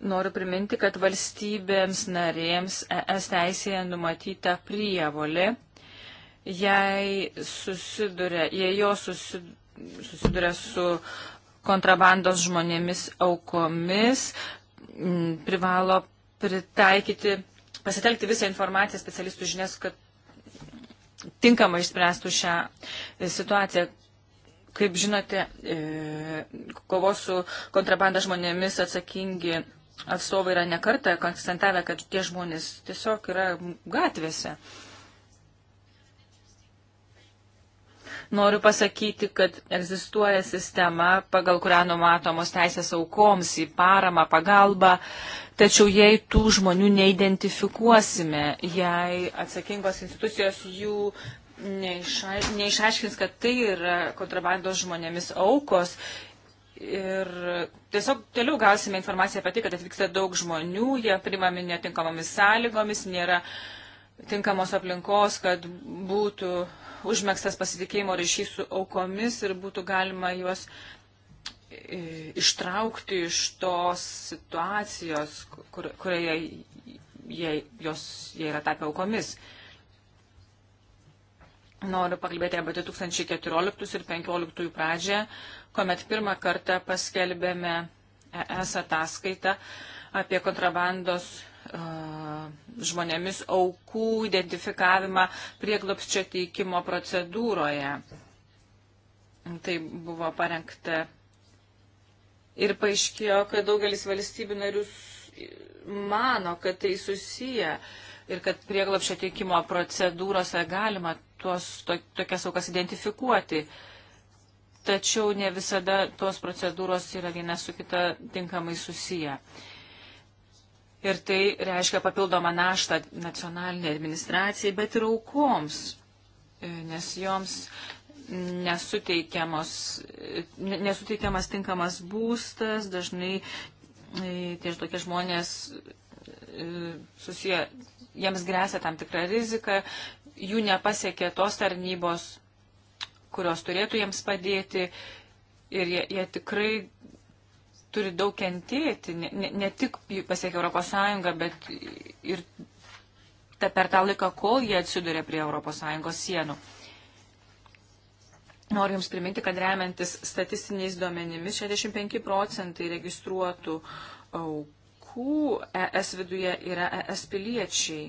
noriu priminti, kad valstybėms narėms ES teisėje numatyta prievolė, jei, susiduria, jei jo susiduria su kontrabandos žmonėmis aukomis, privalo pritaikyti, pasitelkti visą informaciją specialistų žinias, kad tinkamai išspręstų šią e, situaciją. Kaip žinote, e, kovos su kontrabanda žmonėmis atsakingi atstovai yra nekartą konstatavę, kad tie žmonės tiesiog yra gatvėse. Noriu pasakyti, kad egzistuoja sistema, pagal kurią numatomos teisės aukoms į paramą, pagalbą, tačiau jei tų žmonių neidentifikuosime, jei atsakingos institucijos jų neišaiškins, kad tai yra kontrabandos žmonėmis aukos Ir tiesiog toliau gausime informaciją apie tai, kad atvyksta daug žmonių, jie primami netinkamomis sąlygomis, nėra tinkamos aplinkos, kad būtų užmėgstas pasitikėjimo ryšys su aukomis ir būtų galima juos e, ištraukti iš tos situacijos, kur, kurioje jie, jos, jie yra tapę aukomis. Uh, Noriu pakalbėti apie 2014 ir 2015 pradžią, kuomet pirmą kartą paskelbėme ES ataskaitą apie kontrabandos uh, žmonėmis aukų identifikavimą prieglopščio teikimo procedūroje. Tai buvo parengta ir paaiškėjo, kad daugelis valstybių narių mano, kad tai susiję ir kad prieglapšio teikimo procedūrose galima tuos, to, tokias aukas identifikuoti. Tačiau ne visada tos procedūros yra viena su kita tinkamai susiję. Ir tai reiškia papildomą naštą nacionaliniai administracijai, bet ir aukoms, e, nes joms e, nesuteikiamas tinkamas būstas, dažnai e, tie tokie žmonės susiję, jiems grėsia tam tikra rizika, jų nepasiekė tos tarnybos, kurios turėtų jiems padėti ir jie, jie tikrai turi daug kentėti, ne, ne, ne tik pasiekia Europos Sąjungą, bet ir ta, per tą laiką, kol jie atsiduria prie Europos Sąjungos sienų. Noriu Jums priminti, kad remiantis statistiniais duomenimis 65 procentai registruotų aukų ES viduje yra ES piliečiai.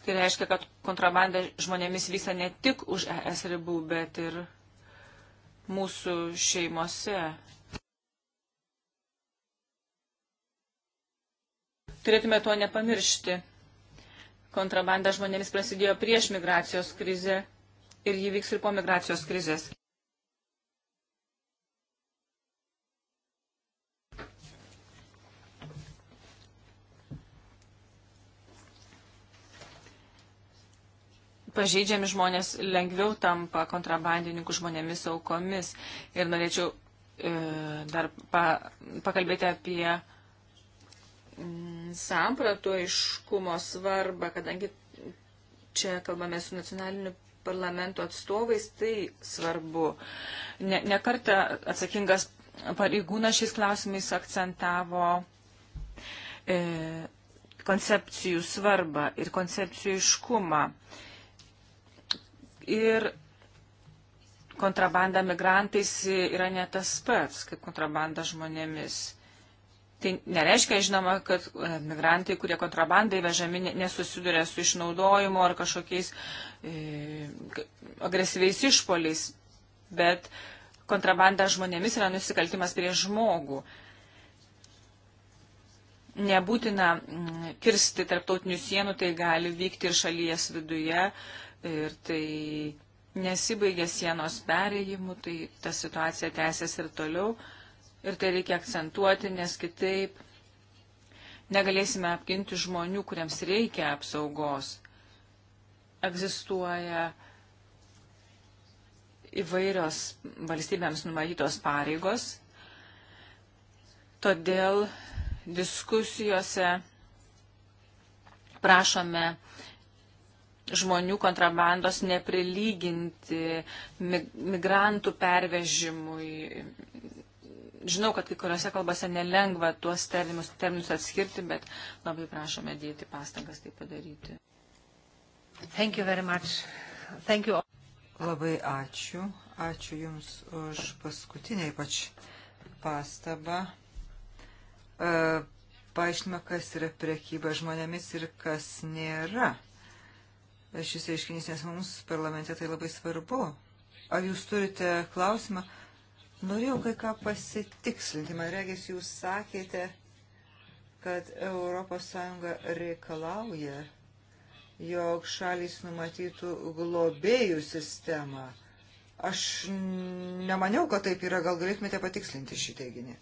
Tai reiškia, kad kontrabanda žmonėmis vyksta ne tik už ES ribų, bet ir mūsų šeimose. Turėtume to nepamiršti. Kontrabanda žmonėmis prasidėjo prieš migracijos krizę ir jį vyks ir po migracijos krizės. pažeidžiami žmonės lengviau tampa kontrabandininkų žmonėmis aukomis. Ir norėčiau e, dar pa, pakalbėti apie mm, sampratoiškumo svarbą, kadangi čia kalbame su nacionaliniu parlamento atstovais, tai svarbu. Ne, ne kartą atsakingas pareigūnas šiais klausimais akcentavo e, koncepcijų svarbą ir koncepcijų iškumą. E, ir kontrabanda migrantais yra ne tas pats, kaip kontrabanda žmonėmis. Tai nereiškia, žinoma, kad e, migrantai, kurie kontrabandai vežami, nesusiduria su išnaudojimu ar kažkokiais e, agresyviais išpoliais, bet kontrabanda žmonėmis yra nusikaltimas prie žmogų. Nebūtina mm, kirsti tarptautinių sienų, tai gali vykti ir šalies viduje. E, ir tai nesibaigia sienos perėjimu, tai ta situacija tęsiasi ir toliau ir tai reikia akcentuoti, nes kitaip negalėsime apginti žmonių, kuriems reikia apsaugos. Egzistuoja įvairios valstybėms numatytos pareigos, todėl diskusijose prašome žmonių kontrabandos neprilyginti migrantų pervežimui. Žinau, kad kai kuriuose kalbose nelengva tuos terminus, terminus atskirti, bet labai prašome dėti pastangas tai padaryti. Thank you very much. Thank you. Labai ačiū. Ačiū Jums už paskutinę ypač pastabą. Uh, e, Paaiškinimą, kas yra prekyba žmonėmis ir kas nėra šis reiškinys, nes mums parlamente tai labai svarbu. Ar jūs turite klausimą? Norėjau kai ką pasitikslinti. Man regis, jūs sakėte, kad ES reikalauja, jog šalys numatytų globėjų sistemą. Aš nemaniau, kad taip yra. Gal galėtumėte patikslinti šį teiginį?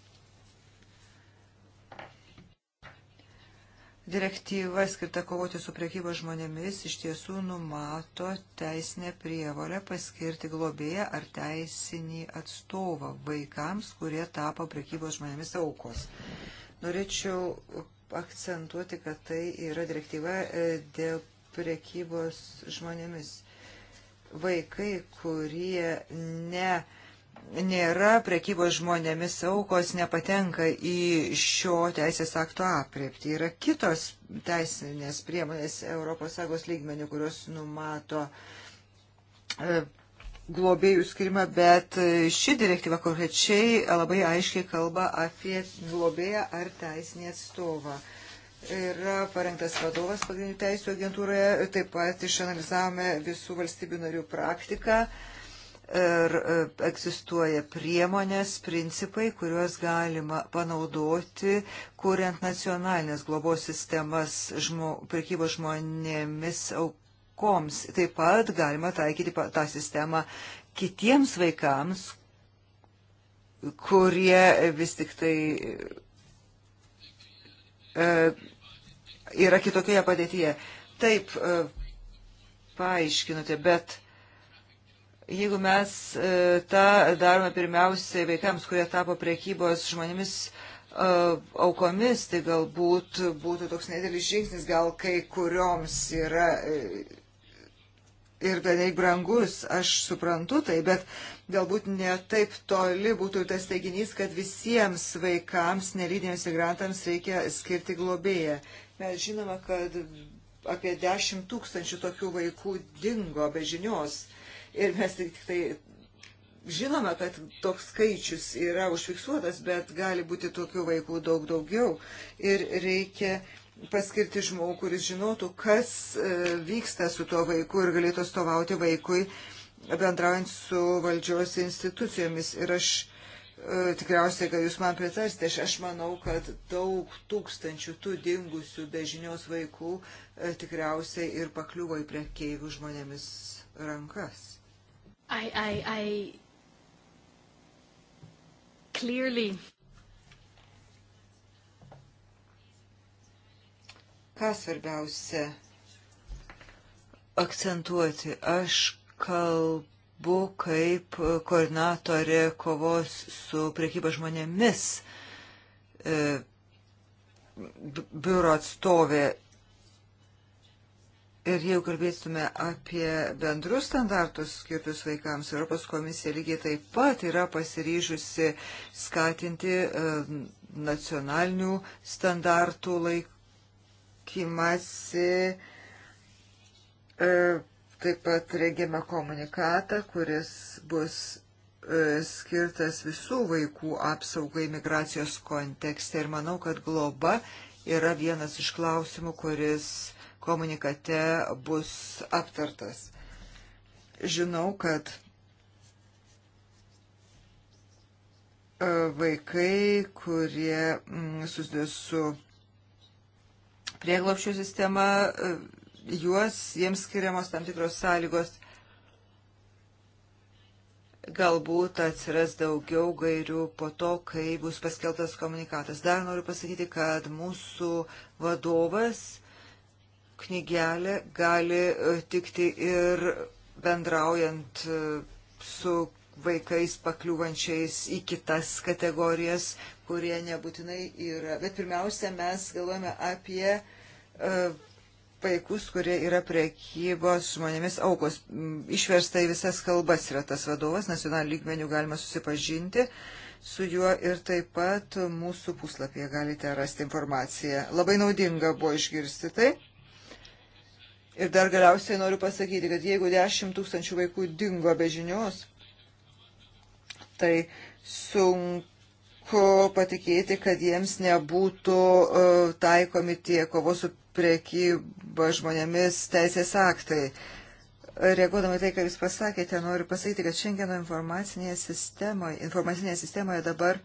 Direktyva skirta kovoti su priekybo žmonėmis iš tiesų numato teisinę prievalę paskirti globėją ar teisinį atstovą vaikams, kurie tapo priekybo žmonėmis aukos. Norėčiau akcentuoti, kad tai yra direktyva e, dėl priekybos žmonėmis. Vaikai, kurie ne nėra prekybos žmonėmis aukos nepatenka į šio teisės akto apriepti. Yra kitos teisinės priemonės ES lygmenių, kurios numato e, globėjų skirimą, bet ši direktyva konkrečiai labai aiškiai kalba apie globėją ar teisinį atstovą. Yra parengtas vadovas pagrindinių teisų agentūroje, taip pat išanalizavome visų valstybių narių praktiką. Uh, ir e, egzistuoja priemonės, principai, kuriuos galima panaudoti, kuriant nacionalinės globos sistemas žmo, prekybos žmonėmis aukoms. Taip pat galima taikyti tą sistemą kitiems vaikams, kurie vis tik tai e, yra kitokioje padėtyje. Taip, e, paaiškinote, bet Jeigu mes e, tą darome pirmiausiai vaikams, kurie tapo priekybos žmonėmis e, aukomis, tai galbūt būtų toks nedėlis žingsnis, gal kai kurioms yra e, ir beveik brangus, aš suprantu tai, bet galbūt ne taip toli būtų tas teiginys, kad visiems vaikams, nelydiems migrantams reikia skirti globėją. Mes žinome, kad apie 10 tūkstančių tokių vaikų dingo be žinios. Ir mes tik, tik tai žinome, kad toks skaičius yra užfiksuotas, bet gali būti tokių vaikų daug daugiau. Ir reikia paskirti žmogų, kuris žinotų, kas e, vyksta su tuo vaiku ir galėtų atstovauti vaikui bendraujant su valdžios institucijomis. Ir aš e, tikriausiai, kad jūs man pritarsite, aš, aš manau, kad daug tūkstančių tų dingusių bežinios vaikų e, tikriausiai ir pakliuvo į prekeivių žmonėmis rankas. I, I, I clearly. Ką svarbiausia akcentuoti? Aš kalbu kaip koordinatorė kovos su priekyba žmonėmis e, biuro atstovė Ir jeigu kalbėtume apie bendrus standartus skirtus vaikams, Europos komisija lygiai taip pat yra pasiryžusi skatinti e, nacionalinių standartų laikymasi. E, taip pat rengiame komunikatą, kuris bus e, skirtas visų vaikų apsaugai migracijos kontekste. Ir manau, kad globa yra vienas iš klausimų, kuris komunikate bus aptartas. Žinau, kad e, vaikai, kurie mm, susidės su prieglopščių sistema, e, juos, jiems skiriamos tam tikros sąlygos. Galbūt atsiras daugiau gairių po to, kai bus paskeltas komunikatas. Dar noriu pasakyti, kad mūsų vadovas knygelė gali e, tikti ir bendraujant e, su vaikais pakliūvančiais į kitas kategorijas, kurie nebūtinai yra. Bet pirmiausia, mes galvojame apie e, vaikus, kurie yra priekybos žmonėmis aukos. Išversta į visas kalbas yra tas vadovas, nacionalinių lygmenių galima susipažinti su juo ir taip pat mūsų puslapyje galite rasti informaciją. Labai naudinga buvo išgirsti tai. Ir dar galiausiai noriu pasakyti, kad jeigu 10 tūkstančių vaikų dingo be žinios, tai sunku patikėti, kad jiems nebūtų e, taikomi tie kovos su priekyba žmonėmis teisės aktai. Reaguodama tai, ką Jūs pasakėte, noriu pasakyti, kad šiandieno informacinėje sistemoje, informacinėje sistemoje dabar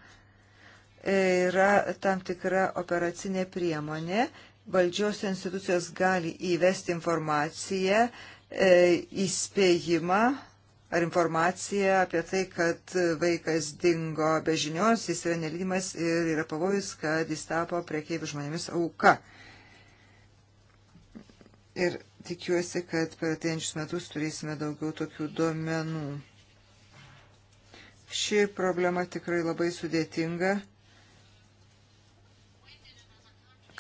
e, yra tam tikra operacinė priemonė, valdžios institucijos gali įvesti informaciją, e, įspėjimą ar informaciją apie tai, kad vaikas dingo be žinios, jis yra nelydimas ir yra pavojus, kad jis tapo priekeivių žmonėmis auka. Ir tikiuosi, kad per ateinčius metus turėsime daugiau tokių duomenų. Ši problema tikrai labai sudėtinga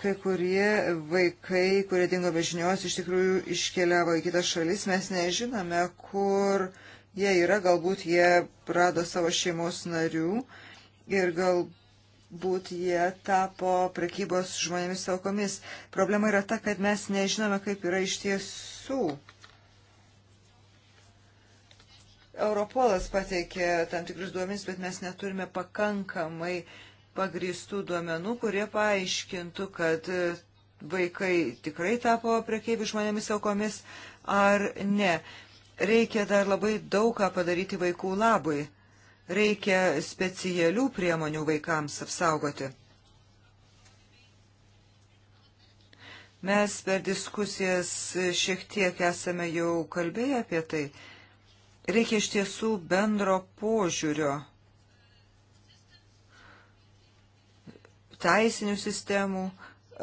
kai kurie vaikai, kurie dingo be žinios, iš tikrųjų iškeliavo į kitas šalis, mes nežinome, kur jie yra, galbūt jie rado savo šeimos narių ir galbūt jie tapo prekybos žmonėmis aukomis. Problema yra ta, kad mes nežinome, kaip yra iš tiesų. Europolas pateikė tam tikrus duomenys, bet mes neturime pakankamai uh, pagristų duomenų, kurie paaiškintų, kad e, vaikai tikrai tapo prekeivių žmonėmis aukomis ar ne. Reikia dar labai daug ką padaryti vaikų labui. Reikia specialių priemonių vaikams apsaugoti. Mes per diskusijas šiek tiek esame jau kalbėję apie tai. Reikia iš tiesų bendro požiūrio teisinių sistemų,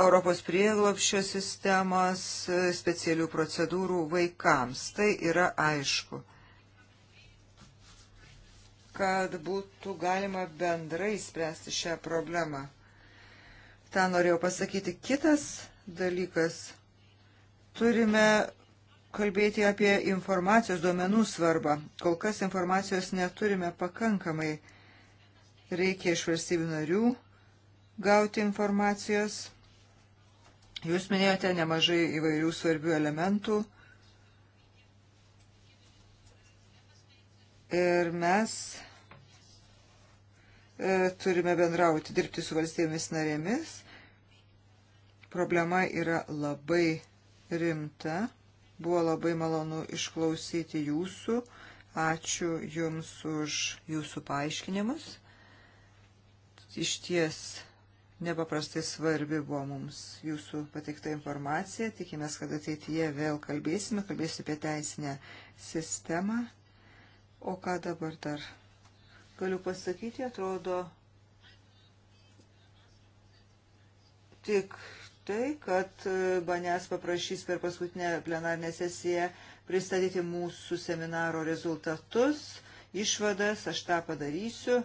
Europos prieglopščio sistemos, e, specialių procedūrų vaikams. Tai yra aišku, kad būtų galima bendrai spręsti šią problemą. Ta norėjau pasakyti. Kitas dalykas. Turime kalbėti apie informacijos duomenų svarbą. Kol kas informacijos neturime pakankamai. Reikia iš valstybių narių gauti informacijos. Jūs minėjote nemažai įvairių svarbių elementų. Ir mes e, turime bendrauti, dirbti su valstybėmis narėmis. Problema yra labai rimta. Buvo labai malonu išklausyti jūsų. Ačiū Jums už Jūsų paaiškinimus. Iš ties nepaprastai svarbi buvo mums jūsų pateikta informacija. Tikimės, kad ateityje vėl kalbėsime, kalbėsime apie teisinę sistemą. O ką dabar dar galiu pasakyti, atrodo tik tai, kad e, manęs paprašys per paskutinę plenarnę sesiją pristatyti mūsų seminaro rezultatus, išvadas, aš tą padarysiu.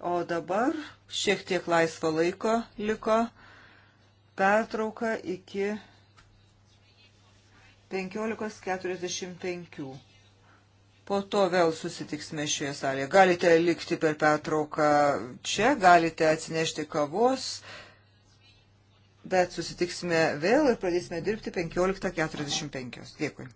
O dabar šiek tiek laisvo laiko liko pertrauka iki 15.45. Po to vėl susitiksime šioje salėje. Galite likti per pertrauką čia, galite atsinešti kavos, bet susitiksime vėl ir pradėsime dirbti 15.45. Dėkui.